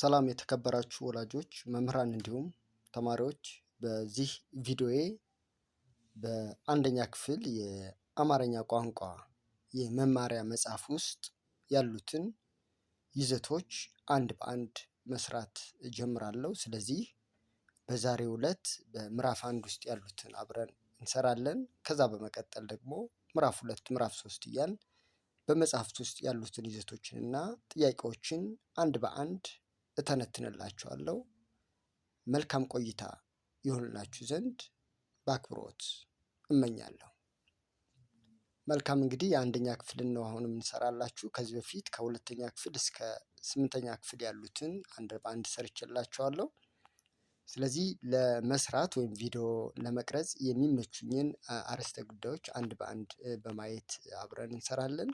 ሰላም የተከበራችሁ ወላጆች፣ መምህራን እንዲሁም ተማሪዎች በዚህ ቪዲዮዬ በአንደኛ ክፍል የአማርኛ ቋንቋ የመማሪያ መጽሐፍ ውስጥ ያሉትን ይዘቶች አንድ በአንድ መስራት እጀምራለሁ። ስለዚህ በዛሬው ዕለት በምዕራፍ አንድ ውስጥ ያሉትን አብረን እንሰራለን። ከዛ በመቀጠል ደግሞ ምዕራፍ ሁለት፣ ምዕራፍ ሶስት እያል በመጽሐፍት ውስጥ ያሉትን ይዘቶችንና ጥያቄዎችን አንድ በአንድ እተነትንላችኋለሁ። መልካም ቆይታ ይሁንላችሁ ዘንድ በአክብሮት እመኛለሁ። መልካም እንግዲህ የአንደኛ ክፍልን ነው አሁን የምንሰራላችሁ። ከዚህ በፊት ከሁለተኛ ክፍል እስከ ስምንተኛ ክፍል ያሉትን አንድ በአንድ ሰርችላችኋለሁ። ስለዚህ ለመስራት ወይም ቪዲዮ ለመቅረጽ የሚመቹኝን አርዕስተ ጉዳዮች አንድ በአንድ በማየት አብረን እንሰራለን።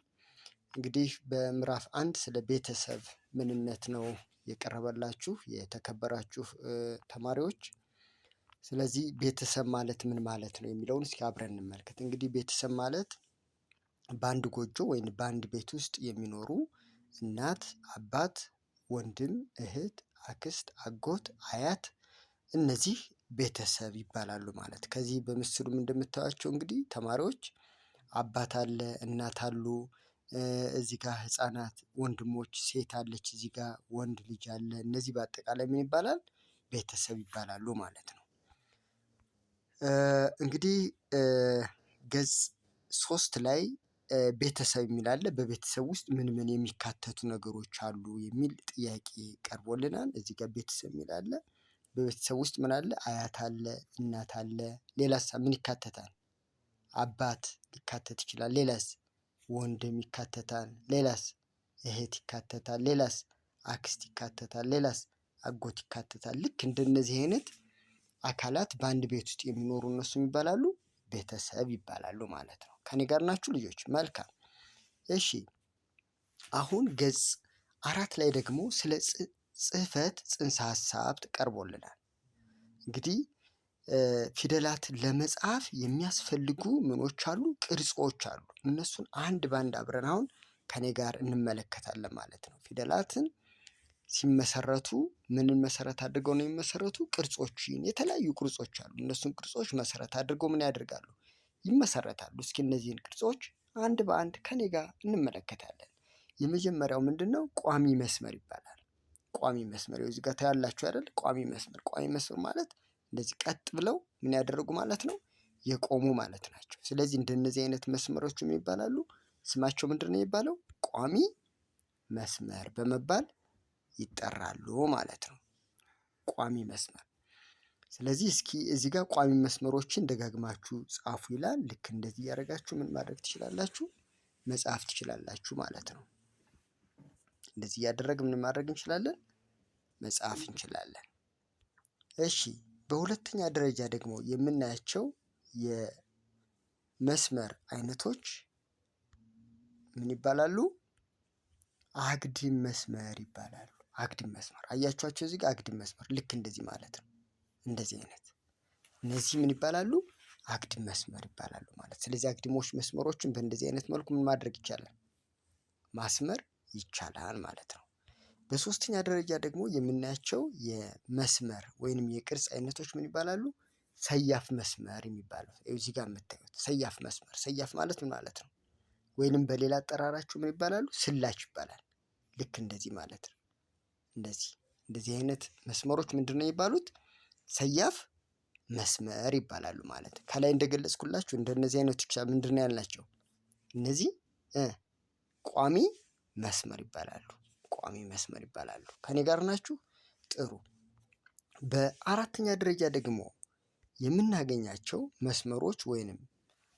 እንግዲህ በምዕራፍ አንድ ስለ ቤተሰብ ምንነት ነው የቀረበላችሁ የተከበራችሁ ተማሪዎች ስለዚህ ቤተሰብ ማለት ምን ማለት ነው የሚለውን እስኪ አብረን እንመልከት። እንግዲህ ቤተሰብ ማለት በአንድ ጎጆ ወይም በአንድ ቤት ውስጥ የሚኖሩ እናት አባት ወንድም እህት አክስት አጎት አያት እነዚህ ቤተሰብ ይባላሉ ማለት ከዚህ በምስሉም እንደምታዩቸው እንግዲህ ተማሪዎች አባት አለ እናት አሉ እዚህ ጋር ህፃናት ወንድሞች ሴት አለች እዚህ ጋር ወንድ ልጅ አለ እነዚህ በአጠቃላይ ምን ይባላል ቤተሰብ ይባላሉ ማለት ነው። እንግዲህ ገጽ ሶስት ላይ ቤተሰብ የሚል አለ በቤተሰብ ውስጥ ምን ምን የሚካተቱ ነገሮች አሉ የሚል ጥያቄ ቀርቦልናል እዚህ ጋር ቤተሰብ የሚል አለ። በቤተሰብ ውስጥ ምን አለ አያት አለ እናት አለ ሌላስ ምን ይካተታል? አባት ሊካተት ይችላል ሌላስ ወንድም ይካተታል። ሌላስ እህት ይካተታል። ሌላስ አክስት ይካተታል። ሌላስ አጎት ይካተታል። ልክ እንደነዚህ አይነት አካላት በአንድ ቤት ውስጥ የሚኖሩ እነሱ ይባላሉ ቤተሰብ ይባላሉ ማለት ነው። ከኔ ጋር ናችሁ ልጆች መልካም። እሺ አሁን ገጽ አራት ላይ ደግሞ ስለ ጽህፈት ጽንሰ ሀሳብ ቀርቦልናል። እንግዲህ ፊደላት ለመጻፍ የሚያስፈልጉ ምኖች አሉ ቅርጾች አሉ እነሱን አንድ በአንድ አብረን አሁን ከኔ ጋር እንመለከታለን ማለት ነው። ፊደላትን ሲመሰረቱ ምንን መሰረት አድርገው ነው የሚመሰረቱ ቅርጾችን የተለያዩ ቅርጾች አሉ እነሱን ቅርጾች መሰረት አድርገው ምን ያደርጋሉ ይመሰረታሉ። እስኪ እነዚህን ቅርጾች አንድ በአንድ ከኔ ጋር እንመለከታለን። የመጀመሪያው ምንድነው? ቋሚ መስመር ይባላል። ቋሚ መስመር እዚህ ጋር ታያላችሁ አይደል? ቋሚ መስመር ቋሚ መስመር ማለት እንደዚህ ቀጥ ብለው ምን ያደረጉ ማለት ነው የቆሙ ማለት ናቸው። ስለዚህ እንደነዚህ አይነት መስመሮች ምን ይባላሉ? ስማቸው ነው የሚባለው ቋሚ መስመር በመባል ይጠራሉ ማለት ነው። ቋሚ መስመር ስለዚህ እስኪ እዚህ ጋር ቋሚ መስመሮችን ደጋግማችሁ ጻፉ ይላል ልክ እንደዚህ እያደረጋችሁ ምን ማድረግ ትችላላችሁ መጻፍ ትችላላችሁ ማለት ነው። እንደዚህ እያደረግ ምን ማድረግ እንችላለን መጻፍ እንችላለን። እሺ በሁለተኛ ደረጃ ደግሞ የምናያቸው የመስመር አይነቶች ምን ይባላሉ? አግድም መስመር ይባላሉ። አግድም መስመር አያችኋቸው እዚህ ጋር አግድም መስመር ልክ እንደዚህ ማለት ነው። እንደዚህ አይነት እነዚህ ምን ይባላሉ? አግድም መስመር ይባላሉ ማለት ስለዚህ አግድሞች መስመሮችን በእንደዚህ አይነት መልኩ ምን ማድረግ ይቻላል? ማስመር ይቻላል ማለት ነው በሶስተኛ ደረጃ ደግሞ የምናያቸው የመስመር ወይንም የቅርጽ አይነቶች ምን ይባላሉ? ሰያፍ መስመር የሚባሉት እዚህ ጋር የምታዩት ሰያፍ መስመር ሰያፍ ማለት ምን ማለት ነው? ወይንም በሌላ አጠራራችሁ ምን ይባላሉ? ስላች ይባላል። ልክ እንደዚህ ማለት ነው። እንደዚህ እንደዚህ አይነት መስመሮች ምንድን ነው የሚባሉት? ሰያፍ መስመር ይባላሉ ማለት ነው። ከላይ እንደገለጽኩላችሁ እንደነዚህ አይነቶች ምንድን ነው ያልናቸው? እነዚህ ቋሚ መስመር ይባላሉ። ቋሚ መስመር ይባላሉ። ከኔ ጋር ናችሁ? ጥሩ። በአራተኛ ደረጃ ደግሞ የምናገኛቸው መስመሮች ወይንም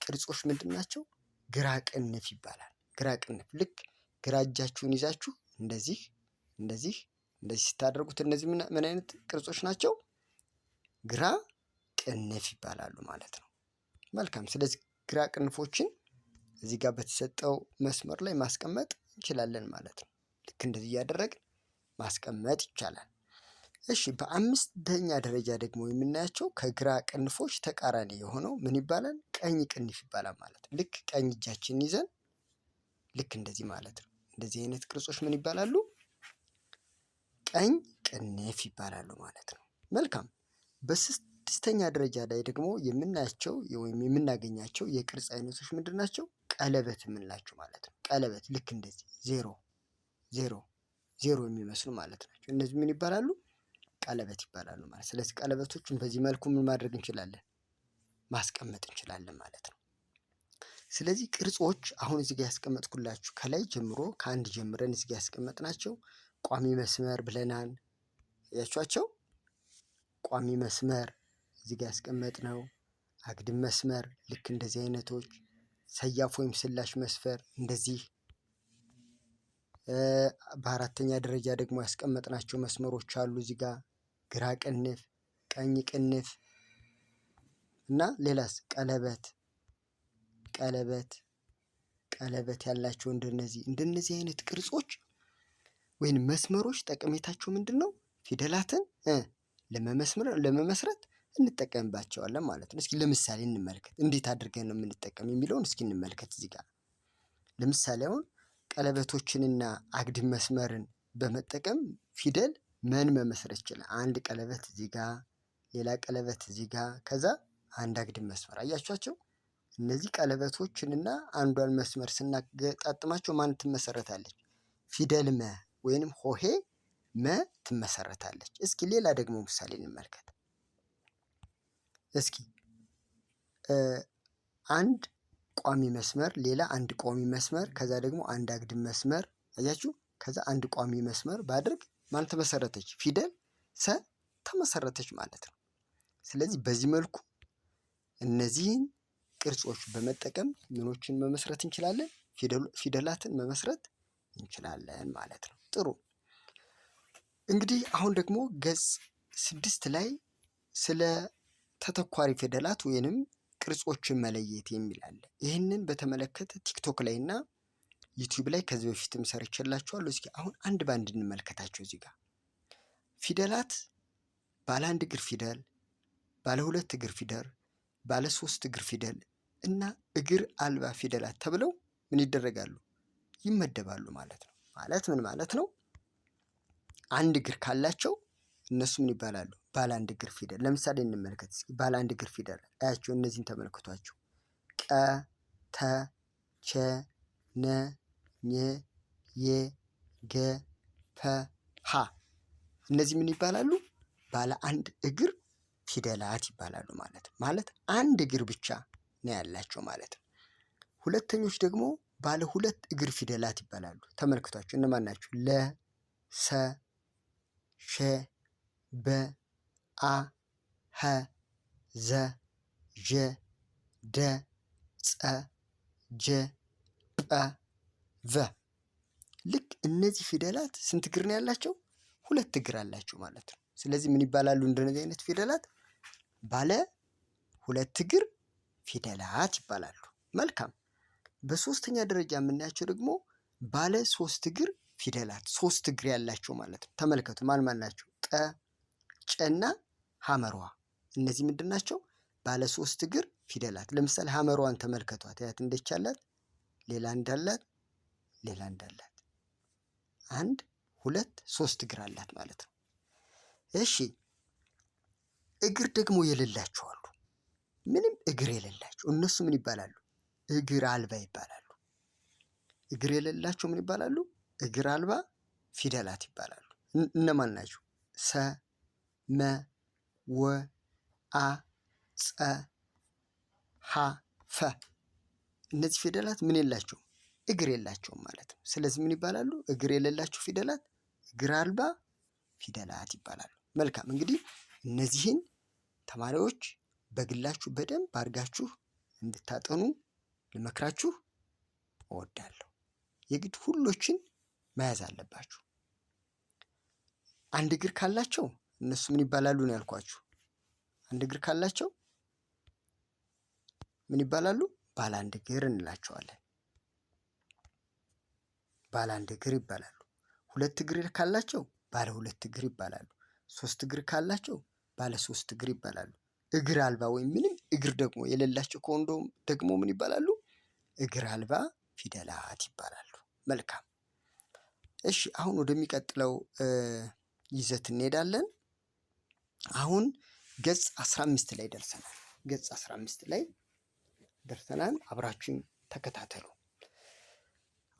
ቅርጾች ምንድን ናቸው? ግራ ቅንፍ ይባላል። ግራ ቅንፍ ልክ ግራ እጃችሁን ይዛችሁ እንደዚህ እንደዚህ እንደዚህ ስታደርጉት እነዚህ ምን አይነት ቅርጾች ናቸው? ግራ ቅንፍ ይባላሉ ማለት ነው። መልካም። ስለዚህ ግራ ቅንፎችን እዚህ ጋር በተሰጠው መስመር ላይ ማስቀመጥ እንችላለን ማለት ነው። ልክ እንደዚህ እያደረግን ማስቀመጥ ይቻላል። እሺ በአምስተኛ ደረጃ ደግሞ የምናያቸው ከግራ ቅንፎች ተቃራኒ የሆነው ምን ይባላል? ቀኝ ቅንፍ ይባላል ማለት ነው። ልክ ቀኝ እጃችንን ይዘን ልክ እንደዚህ ማለት ነው። እንደዚህ አይነት ቅርጾች ምን ይባላሉ? ቀኝ ቅንፍ ይባላሉ ማለት ነው። መልካም በስድስተኛ ደረጃ ላይ ደግሞ የምናያቸው ወይም የምናገኛቸው የቅርጽ አይነቶች ምንድን ናቸው? ቀለበት የምንላቸው ማለት ነው። ቀለበት ልክ እንደዚህ ዜሮ ዜሮ ዜሮ የሚመስሉ ማለት ናቸው። እነዚህ ምን ይባላሉ? ቀለበት ይባላሉ ማለት። ስለዚህ ቀለበቶችን በዚህ መልኩ ምን ማድረግ እንችላለን? ማስቀመጥ እንችላለን ማለት ነው። ስለዚህ ቅርጾች አሁን እዚህ ጋር ያስቀመጥኩላችሁ ከላይ ጀምሮ ከአንድ ጀምረን እዚህ ጋር ያስቀመጥናቸው ቋሚ መስመር ብለናል። ያችኋቸው ቋሚ መስመር እዚህ ጋር ያስቀመጥነው አግድም መስመር ልክ እንደዚህ አይነቶች ሰያፍ ወይም ስላሽ መስፈር እንደዚህ በአራተኛ ደረጃ ደግሞ ያስቀመጥናቸው መስመሮች አሉ እዚህ ጋር ግራ ቅንፍ፣ ቀኝ ቅንፍ እና ሌላስ ቀለበት ቀለበት ቀለበት ያላቸው እንደነዚህ እንደነዚህ አይነት ቅርጾች ወይም መስመሮች ጠቀሜታቸው ምንድን ነው? ፊደላትን ለመመስረት እንጠቀምባቸዋለን ማለት ነው። እስኪ ለምሳሌ እንመልከት። እንዴት አድርገን ነው የምንጠቀም የሚለውን እስኪ እንመልከት። እዚህ ጋር ለምሳሌ አሁን ቀለበቶችንና አግድም መስመርን በመጠቀም ፊደል መን መመስረት ይችላል። አንድ ቀለበት እዚህ ጋር፣ ሌላ ቀለበት እዚህ ጋር፣ ከዛ አንድ አግድም መስመር አያችኋቸው። እነዚህ ቀለበቶችንና አንዷን መስመር ስናገጣጥማቸው ማን ትመሰረታለች? ፊደል መ ወይንም ሆሄ መ ትመሰረታለች። እስኪ ሌላ ደግሞ ምሳሌ እንመልከት። እስኪ አንድ ቋሚ መስመር፣ ሌላ አንድ ቋሚ መስመር፣ ከዛ ደግሞ አንድ አግድም መስመር አያችሁ። ከዛ አንድ ቋሚ መስመር ባድርግ ማለት ተመሰረተች ፊደል ሰ ተመሰረተች ማለት ነው። ስለዚህ በዚህ መልኩ እነዚህን ቅርጾች በመጠቀም ምኖችን መመስረት እንችላለን፣ ፊደላትን መመስረት እንችላለን ማለት ነው። ጥሩ እንግዲህ አሁን ደግሞ ገጽ ስድስት ላይ ስለ ተተኳሪ ፊደላት ወይንም ቅርጾችን መለየት የሚል አለ። ይህንን በተመለከተ ቲክቶክ ላይ እና ዩቲዩብ ላይ ከዚህ በፊትም ሰርቼላችኋለሁ። እስኪ አሁን አንድ በአንድ እንመልከታቸው። እዚህ ጋር ፊደላት ባለ አንድ እግር ፊደል፣ ባለ ሁለት እግር ፊደል፣ ባለ ሶስት እግር ፊደል እና እግር አልባ ፊደላት ተብለው ምን ይደረጋሉ? ይመደባሉ ማለት ነው። ማለት ምን ማለት ነው? አንድ እግር ካላቸው እነሱ ምን ይባላሉ? ባለ አንድ እግር ፊደል። ለምሳሌ እንመልከት እስኪ ባለ አንድ እግር ፊደል አያቸው። እነዚህን ተመልክቷቸው ቀ፣ ተ፣ ቸ፣ ነ፣ ኘ፣ የ፣ ገ፣ ፐ፣ ሀ እነዚህ ምን ይባላሉ? ባለ አንድ እግር ፊደላት ይባላሉ ማለት ነው። ማለት አንድ እግር ብቻ ነው ያላቸው ማለት ነው። ሁለተኞች ደግሞ ባለ ሁለት እግር ፊደላት ይባላሉ። ተመልክቷቸው እነማን ናቸው? ለ፣ ሰ፣ ሸ በ አ ኸ ዘ ዠ ደ ጸ ጀ ጰ ቨ ልክ እነዚህ ፊደላት ስንት እግር ነው ያላቸው? ሁለት እግር አላቸው ማለት ነው። ስለዚህ ምን ይባላሉ? እንደነዚህ አይነት ፊደላት ባለ ሁለት እግር ፊደላት ይባላሉ። መልካም። በሶስተኛ ደረጃ የምናያቸው ደግሞ ባለ ሶስት እግር ፊደላት ሶስት እግር ያላቸው ማለት ነው። ተመልከቱ ማን ማን ናቸው? ጠ ጨና ሐመሯ እነዚህ ምንድን ናቸው? ባለ ሶስት እግር ፊደላት። ለምሳሌ ሐመሯን ተመልከቷት። ያት እንደቻላት ሌላ እንዳላት ሌላ እንዳላት አንድ ሁለት ሶስት እግር አላት ማለት ነው። እሺ እግር ደግሞ የሌላቸው አሉ። ምንም እግር የሌላቸው እነሱ ምን ይባላሉ? እግር አልባ ይባላሉ። እግር የሌላቸው ምን ይባላሉ? እግር አልባ ፊደላት ይባላሉ። እነማን ናቸው? ሰ መ ወ አ ጸ ሀ ፈ እነዚህ ፊደላት ምን የላቸውም? እግር የላቸውም ማለት ነው። ስለዚህ ምን ይባላሉ? እግር የሌላቸው ፊደላት እግር አልባ ፊደላት ይባላሉ። መልካም እንግዲህ እነዚህን ተማሪዎች በግላችሁ በደንብ አድርጋችሁ እንድታጠኑ ልመክራችሁ እወዳለሁ። የግድ ሁሎችን መያዝ አለባችሁ። አንድ እግር ካላቸው እነሱ ምን ይባላሉ ነው ያልኳችሁ? አንድ እግር ካላቸው ምን ይባላሉ? ባለ አንድ እግር እንላቸዋለን። ባለ አንድ እግር ይባላሉ። ሁለት እግር ካላቸው ባለ ሁለት እግር ይባላሉ። ሶስት እግር ካላቸው ባለ ሶስት እግር ይባላሉ። እግር አልባ ወይም ምንም እግር ደግሞ የሌላቸው ከሆኑ ደግሞ ምን ይባላሉ? እግር አልባ ፊደላት ይባላሉ። መልካም እሺ፣ አሁን ወደሚቀጥለው ይዘት እንሄዳለን። አሁን ገጽ 15 ላይ ደርሰናል። ገጽ 15 ላይ ደርሰናል። አብራችን ተከታተሉ።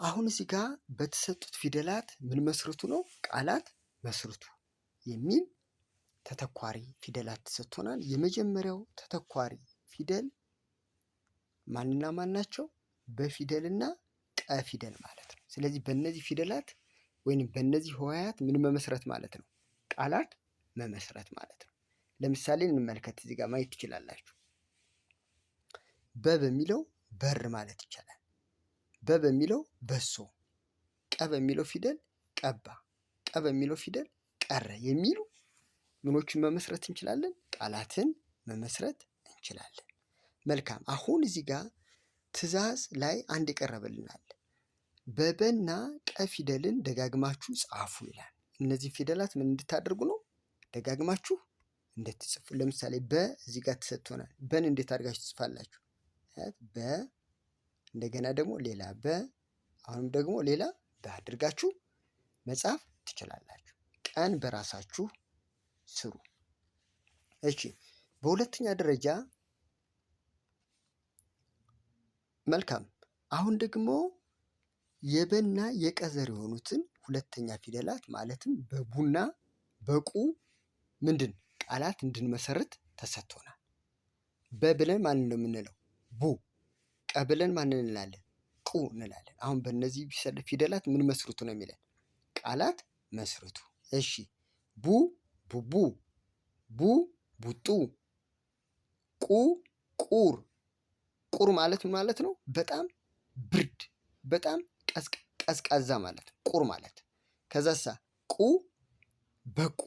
አሁን እዚህ ጋር በተሰጡት ፊደላት ምን መስርቱ ነው? ቃላት መስርቱ የሚል ተተኳሪ ፊደላት ተሰጥቶናል። የመጀመሪያው ተተኳሪ ፊደል ማንና ማን ናቸው? በፊደልና ቀ ፊደል ማለት ነው። ስለዚህ በእነዚህ ፊደላት ወይም በእነዚህ ሆሄያት ምን መመስረት ማለት ነው? ቃላት መመስረት ማለት ነው። ለምሳሌ እንመልከት። እዚህ ጋር ማየት ትችላላችሁ። በ በሚለው በር ማለት ይቻላል። በ በሚለው በሶ፣ ቀ በሚለው ፊደል ቀባ፣ ቀ በሚለው ፊደል ቀረ የሚሉ ምኖችን መመስረት እንችላለን። ቃላትን መመስረት እንችላለን። መልካም። አሁን እዚህ ጋር ትዕዛዝ ላይ አንድ የቀረበልናል። በበና ቀ ፊደልን ደጋግማችሁ ጻፉ ይላል። እነዚህ ፊደላት ምን እንድታደርጉ ነው? ደጋግማችሁ እንድትጽፉ ለምሳሌ በ እዚህ ጋር ተሰጥቶናል። በን እንዴት አድርጋችሁ ትጽፋላችሁ? በ እንደገና ደግሞ ሌላ በ አሁንም ደግሞ ሌላ በአድርጋችሁ መጻፍ ትችላላችሁ። ቀን በራሳችሁ ስሩ። እሺ፣ በሁለተኛ ደረጃ መልካም። አሁን ደግሞ የበና የቀዘር የሆኑትን ሁለተኛ ፊደላት ማለትም በቡና በቁ ምንድን ቃላት እንድንመሰርት ተሰጥቶናል። በብለን ማን ነው የምንለው? ቡ። ቀብለን ማን እንላለን? ቁ እንላለን። አሁን በእነዚህ ፊደላት ምን መስርቱ ነው የሚለን? ቃላት መስርቱ። እሺ ቡ ቡቡ፣ ቡ ቡጡ፣ ቁ ቁር። ቁር ማለት ምን ማለት ነው? በጣም ብርድ፣ በጣም ቀዝቃዛ ማለት ነው። ቁር ማለት ከዛሳ ቁ በቁ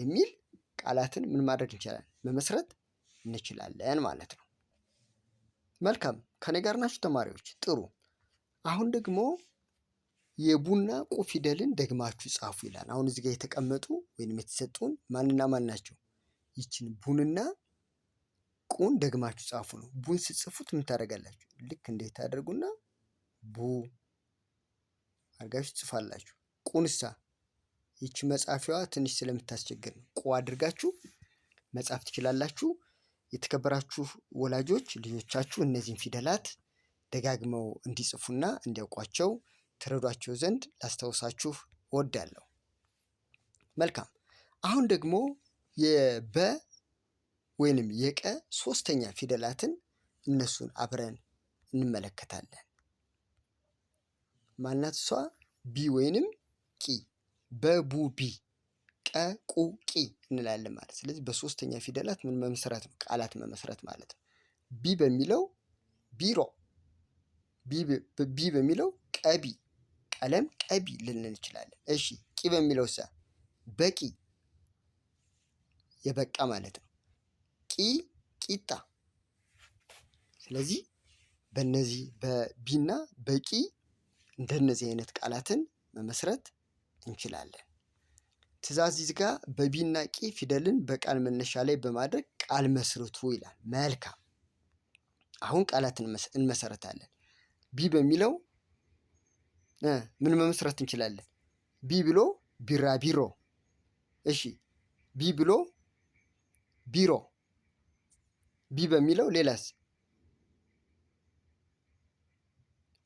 የሚል ቃላትን ምን ማድረግ እንችላለን? መመስረት እንችላለን ማለት ነው። መልካም ከኔ ጋር ናችሁ ተማሪዎች? ጥሩ። አሁን ደግሞ የቡና ቁ ፊደልን ደግማችሁ ጻፉ ይላል። አሁን እዚህ ጋር የተቀመጡ ወይም የተሰጡን ማንና ማን ናቸው? ይችን ቡንና ቁን ደግማችሁ ጻፉ ነው። ቡን ስጽፉት ምን ታደርጋላችሁ? ልክ እንዴት ታደርጉና ቡ አድርጋችሁ ትጽፋላችሁ። ቁንሳ ይቺ መጻፊዋ ትንሽ ስለምታስቸግር ቆ አድርጋችሁ መጻፍ ትችላላችሁ። የተከበራችሁ ወላጆች ልጆቻችሁ እነዚህን ፊደላት ደጋግመው እንዲጽፉና እንዲያውቋቸው ትረዷቸው ዘንድ ላስታውሳችሁ እወዳለሁ። መልካም። አሁን ደግሞ የበ ወይንም የቀ ሶስተኛ ፊደላትን እነሱን አብረን እንመለከታለን። ማናት እሷ ቢ ወይንም በቡቢ ቀቁቂ እንላለን ማለት ስለዚህ በሶስተኛ ፊደላት ምን መመስረት ነው ቃላት መመስረት ማለት ነው። ቢ በሚለው ቢሮ ቢ በሚለው ቀቢ ቀለም ቀቢ ልንል እንችላለን። እሺ ቂ ሰ በቂ የበቃ ማለት ነው። ቂ ቂጣ ስለዚህ በነዚህ በቢና በቂ እንደነዚህ አይነት ቃላትን መመስረት እንችላለን። ትእዛዝ እዚህ ጋር በቢና ቂ ፊደልን በቃል መነሻ ላይ በማድረግ ቃል መስርቱ ይላል። መልካም አሁን ቃላት እንመሰረታለን። ቢ በሚለው ምን መመስረት እንችላለን? ቢ ብሎ ቢራቢሮ። እሺ ቢ ብሎ ቢሮ። ቢ በሚለው ሌላስ?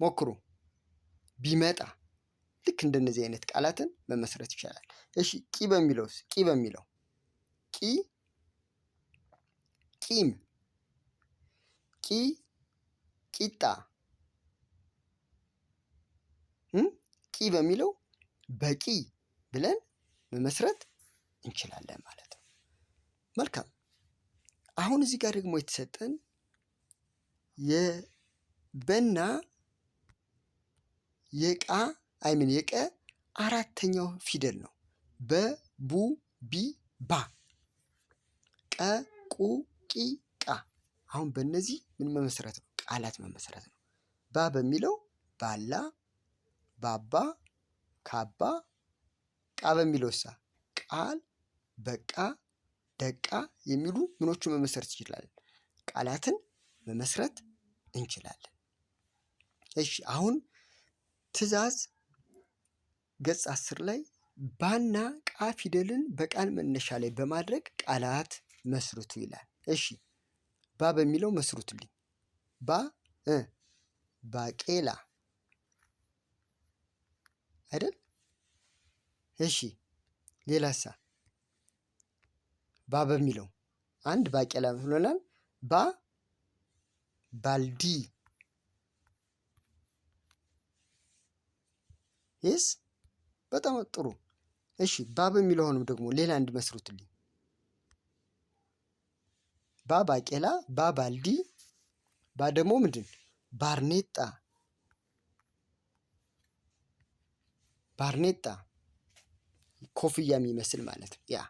ሞክሩ ቢመጣ ልክ እንደነዚህ አይነት ቃላትን መመስረት ይቻላል። እሺ ቂ በሚለውስ ቂ በሚለው ቂ ቂም ቂ ቂጣ ቂ በሚለው በቂ ብለን መመስረት እንችላለን ማለት ነው። መልካም አሁን እዚህ ጋር ደግሞ የተሰጠን የበና የቃ አይምን የቀ አራተኛው ፊደል ነው። በ ቡ ቢ ባ ቀ ቁ ቂ ቃ። አሁን በእነዚህ ምን መመስረት ነው? ቃላት መመስረት ነው። ባ በሚለው ባላ፣ ባባ፣ ካባ። ቃ ሳ ቃል፣ በቃ፣ ደቃ የሚሉ ምኖቹ መመስረት እንችላለን። ቃላትን መመስረት እንችላለን። እሺ አሁን ትዕዛዝ ገጽ አስር ላይ ባና ቃ ፊደልን በቃል መነሻ ላይ በማድረግ ቃላት መስርቱ ይላል። እሺ ባ በሚለው መስርቱልኝ። ባ እ ባቄላ አይደል? እሺ ሌላሳ ባ በሚለው አንድ ባቄላ ብሎናል። ባ ባልዲ ይስ በጣም ጥሩ። እሺ ባብ የሚለውንም ደግሞ ሌላ እንድመስሩትልኝ ባ ባቄላ፣ ባ ባልዲ፣ ባ ደግሞ ምንድን ባርኔጣ ባርኔጣ ኮፍያ የሚመስል ማለት ነው። ያ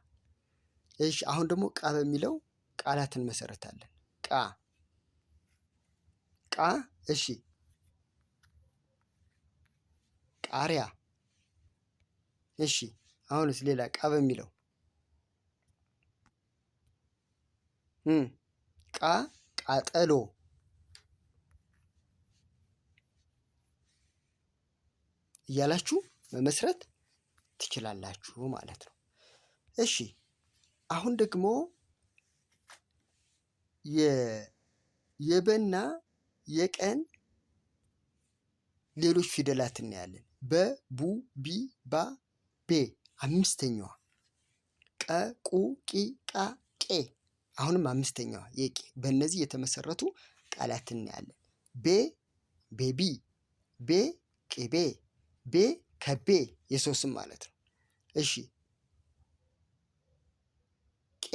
እሺ። አሁን ደግሞ ቃ በሚለው ቃላት እንመሰረታለን። ቃ ቃ እሺ ቃሪያ እሺ አሁንስ ሌላ ቃ በሚለው ቃ ቃጠሎ እያላችሁ መመስረት ትችላላችሁ ማለት ነው። እሺ አሁን ደግሞ የበና የቀን ሌሎች ፊደላት እናያለን። በ፣ ቡ፣ ቢ፣ ባ፣ ቤ አምስተኛዋ ቀ ቁ ቂ ቃ ቄ አሁንም አምስተኛዋ የቄ በእነዚህ የተመሰረቱ ቃላት እናያለን። ቤ ቤቢ፣ ቤ ቅቤ፣ ቤ ከቤ የሰው ስም ማለት ነው። እሺ ቄ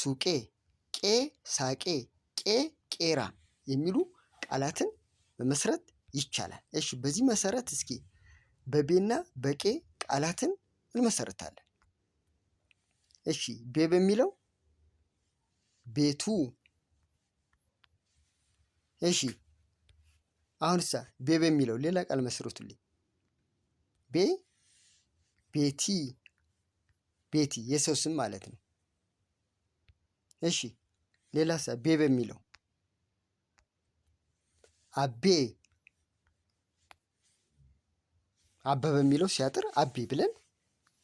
ሱቄ፣ ቄ ሳቄ፣ ቄ ቄራ የሚሉ ቃላትን መመስረት ይቻላል። እሺ በዚህ መሰረት እስኪ በቤና በቄ ቃላትን እንመሰርታለን። እሺ ቤ በሚለው ቤቱ። እሺ አሁንሳ ቤ በሚለው ሌላ ቃል መስሩትልኝ። ቤ ቤቲ፣ ቤቲ የሰው ስም ማለት ነው። እሺ ሳ ቤ በሚለው አቤ አበ በሚለው ሲያጥር አቤ ብለን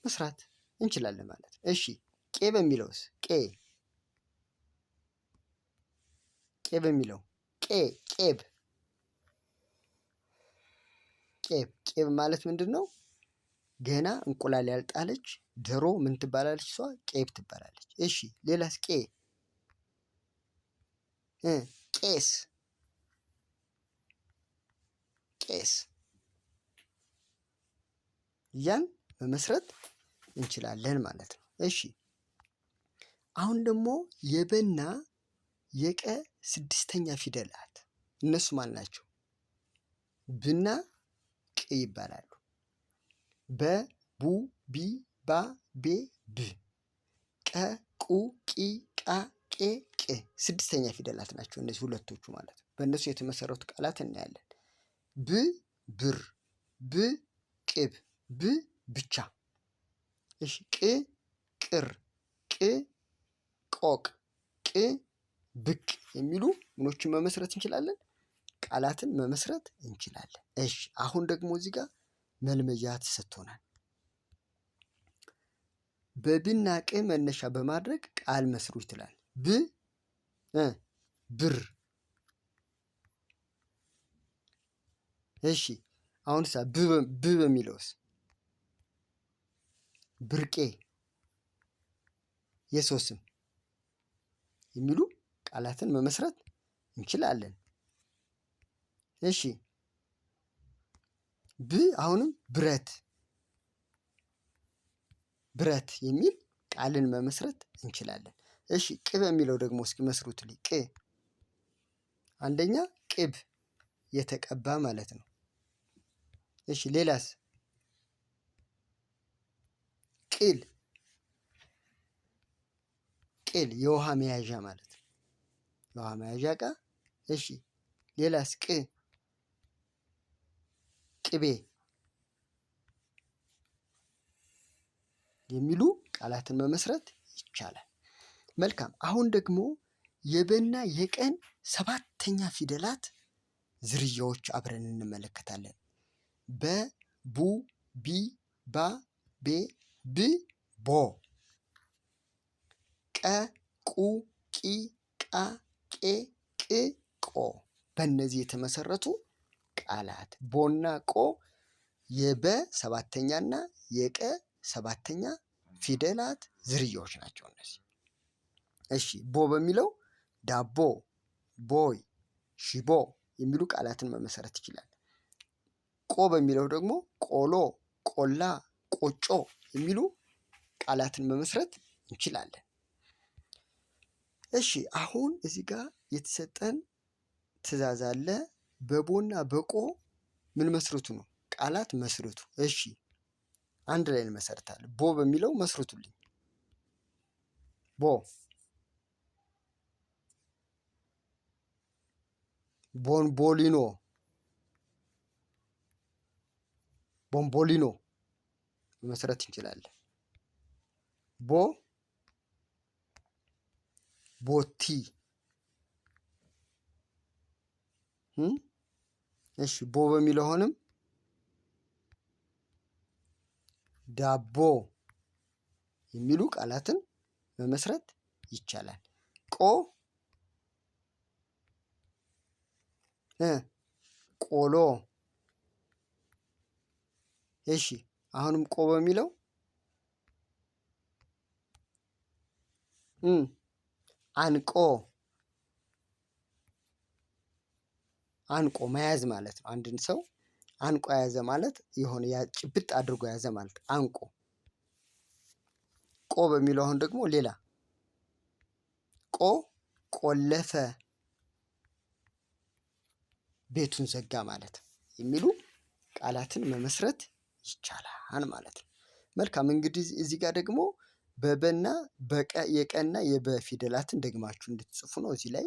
መስራት እንችላለን ማለት ነው። እሺ ቄ በሚለውስ ቄ ቄ በሚለው ቄ ቄብ ቄብ ቄብ ማለት ምንድን ነው? ገና እንቁላል ያልጣለች ዶሮ ምን ትባላለች? እሷ ቄብ ትባላለች። እሺ ሌላስ? ቄ ቄስ ቄስ ያን መመስረት እንችላለን ማለት ነው። እሺ አሁን ደግሞ የበና የቀ ስድስተኛ ፊደላት እነሱ ማን ናቸው? ብና ቅ ይባላሉ። በ ቡ ቢ ባ ቤ ብ ቀ ቁ ቂ ቃ ቄ ቅ ስድስተኛ ፊደላት ናቸው። እነዚህ ሁለቶቹ ማለት ነው። በእነሱ የተመሰረቱ ቃላት እናያለን። ብ ብር፣ ብ ቅብ፣ ብ ብቻ። እሺ ቅ ቅር ቅ ቆቅ ቅ ብቅ የሚሉ ምኖችን መመስረት እንችላለን። ቃላትን መመስረት እንችላለን። እሺ አሁን ደግሞ እዚህ ጋር መልመጃ ተሰጥቶናል። በብና ቅ መነሻ በማድረግ ቃል መስሩ ይትላል። ብ ብር እሺ አሁን ብ በሚለውስ ብርቄ፣ የሰው ስም የሚሉ ቃላትን መመስረት እንችላለን። እሺ ብ አሁንም ብረት ብረት የሚል ቃልን መመስረት እንችላለን። እሺ ቅ በሚለው ደግሞ እስኪ ል ቅ አንደኛ ቅብ የተቀባ ማለት ነው። እሺ ሌላስ? ቂል ቂል የውሃ መያዣ ማለት ነው። የውሃ መያዣ እቃ። እሺ ሌላስ? ቅ ቅቤ የሚሉ ቃላትን መመስረት ይቻላል። መልካም። አሁን ደግሞ የበና የቀን ሰባተኛ ፊደላት ዝርያዎች አብረን እንመለከታለን። በ፣ ቡ፣ ቢ፣ ባ፣ ቤ፣ ቀ ቁ ቂ ቃ ቄ ቅ ቆ በእነዚህ የተመሰረቱ ቃላት ቦና ቆ የበ ሰባተኛና የቀ ሰባተኛ ፊደላት ዝርያዎች ናቸው። እነዚህ እሺ ቦ በሚለው ዳቦ፣ ቦይ፣ ሽቦ የሚሉ ቃላትን መመሰረት ይችላል። ቆ በሚለው ደግሞ ቆሎ፣ ቆላ፣ ቆጮ የሚሉ ቃላትን መመስረት እንችላለን። እሺ አሁን እዚህ ጋር የተሰጠን ትዕዛዝ አለ። በቦና በቆ ምን መስርቱ ነው? ቃላት መስርቱ። እሺ አንድ ላይ እንመሰርታለን። ቦ በሚለው መስርቱልኝ። ቦ ቦንቦሊኖ ቦንቦሊኖ መመስረት እንችላለን። ቦ ቦቲ እሺ ቦ በሚለው ሆንም ዳቦ የሚሉ ቃላትን መመስረት ይቻላል። ቆ ቆሎ እሺ አሁንም ቆ በሚለው አንቆ አንቆ መያዝ ማለት ነው። አንድን ሰው አንቆ የያዘ ማለት የሆነ ጭብጥ አድርጎ የያዘ ማለት አንቆ። ቆ በሚለው አሁን ደግሞ ሌላ ቆ ቆለፈ፣ ቤቱን ዘጋ ማለት የሚሉ ቃላትን መመስረት ይቻላል ማለት ነው። መልካም እንግዲህ እዚህ ጋር ደግሞ በበና በቀ የቀና የበ ፊደላትን ደግማችሁ እንድትጽፉ ነው እዚህ ላይ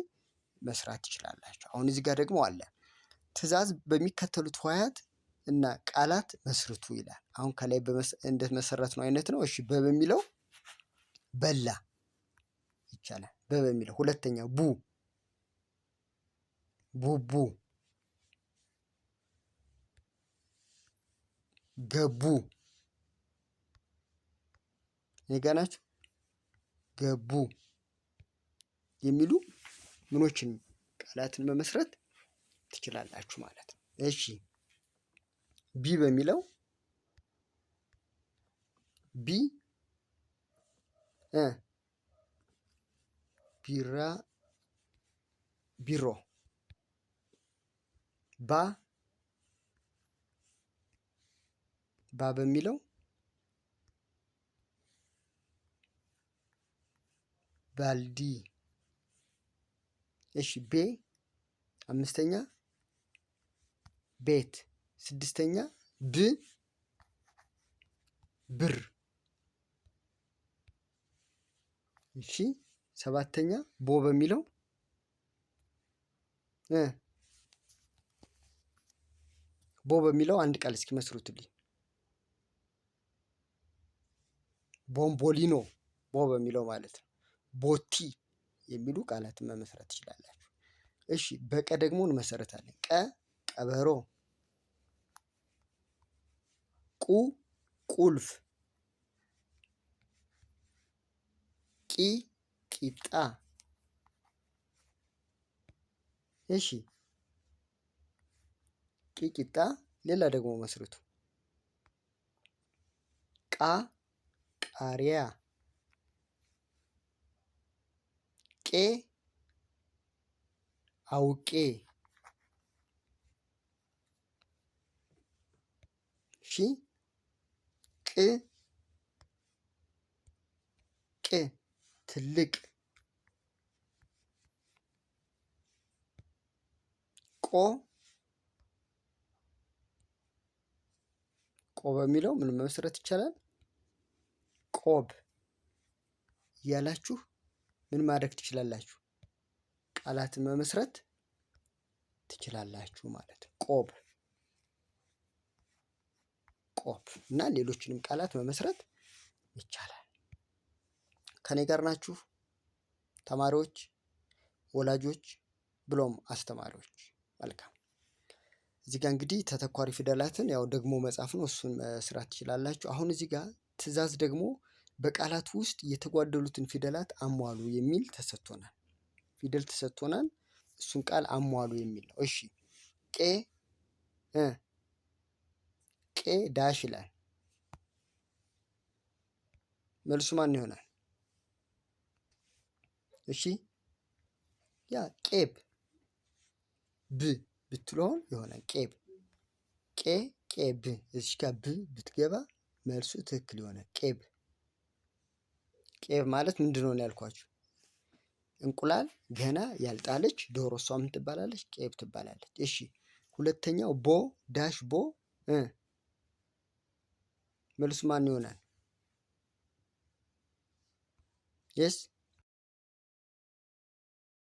መስራት ትችላላችሁ። አሁን እዚህ ጋር ደግሞ አለ ትእዛዝ በሚከተሉት ሆሄያት እና ቃላት መስርቱ ይላል። አሁን ከላይ እንደመሰረትነው አይነት ነው። እሺ በ በሚለው በላ ይቻላል። በ በሚለው ሁለተኛ ቡ ቡቡ ገቡ እኔ ገቡ የሚሉ ምኖችን ቃላትን መመስረት ትችላላችሁ ማለት ነው። እሺ ቢ በሚለው ቢ ቢራ ቢሮ ባ ባ በሚለው ባልዲ እሺ ቤ አምስተኛ ቤት ስድስተኛ ብ ብር እሺ ሰባተኛ ቦ በሚለው ቦ በሚለው አንድ ቃል እስኪ መስሩትልኝ ቦምቦሊኖ ቦ በሚለው ማለት ነው። ቦቲ የሚሉ ቃላትን መመስረት ትችላላችሁ። እሺ በቀ ደግሞ እንመሰረታለን። ቀ ቀበሮ፣ ቁ ቁልፍ፣ ቂ ቂጣ። እሺ ቂ ቂጣ። ሌላ ደግሞ መስርቱ ቃ ቃሪያ ቄ አውቄ ሺ ቅ ቅ ትልቅ ቆ ቆ በሚለው ምን መመስረት ይቻላል? ቆብ እያላችሁ ምን ማድረግ ትችላላችሁ? ቃላትን መመስረት ትችላላችሁ ማለት ነው። ቆብ ቆብ እና ሌሎችንም ቃላት መመስረት ይቻላል። ከኔ ጋር ናችሁ ተማሪዎች፣ ወላጆች ብሎም አስተማሪዎች። መልካም እዚህ ጋር እንግዲህ ተተኳሪ ፊደላትን ያው ደግሞ መጻፍ ነው። እሱን መስራት ትችላላችሁ። አሁን እዚህ ጋር ትዕዛዝ ደግሞ በቃላት ውስጥ የተጓደሉትን ፊደላት አሟሉ የሚል ተሰጥቶናል። ፊደል ተሰጥቶናል። እሱን ቃል አሟሉ የሚል ነው። እሺ ቄ ቄ ዳሽ ይላል። መልሱ ማን ይሆናል? እሺ ያ ቄብ ብ ብትለሆን ይሆናል። ቄብ ቄ ቄብ እዚህ ጋር ብ ብትገባ መልሱ ትክክል ይሆናል። ቄብ ቄብ ማለት ምንድን ነው ያልኳችሁ? እንቁላል ገና ያልጣለች ዶሮ እሷ ምን ትባላለች? ቄብ ትባላለች። እሺ ሁለተኛው ቦ ዳሽ ቦ መልሱ ማን ይሆናል? የስ